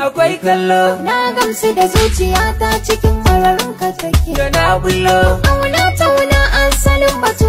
akwai kallo na gamsu da zuciya ta cikin mararin ka take da na bullo auna ta wuna asalin batu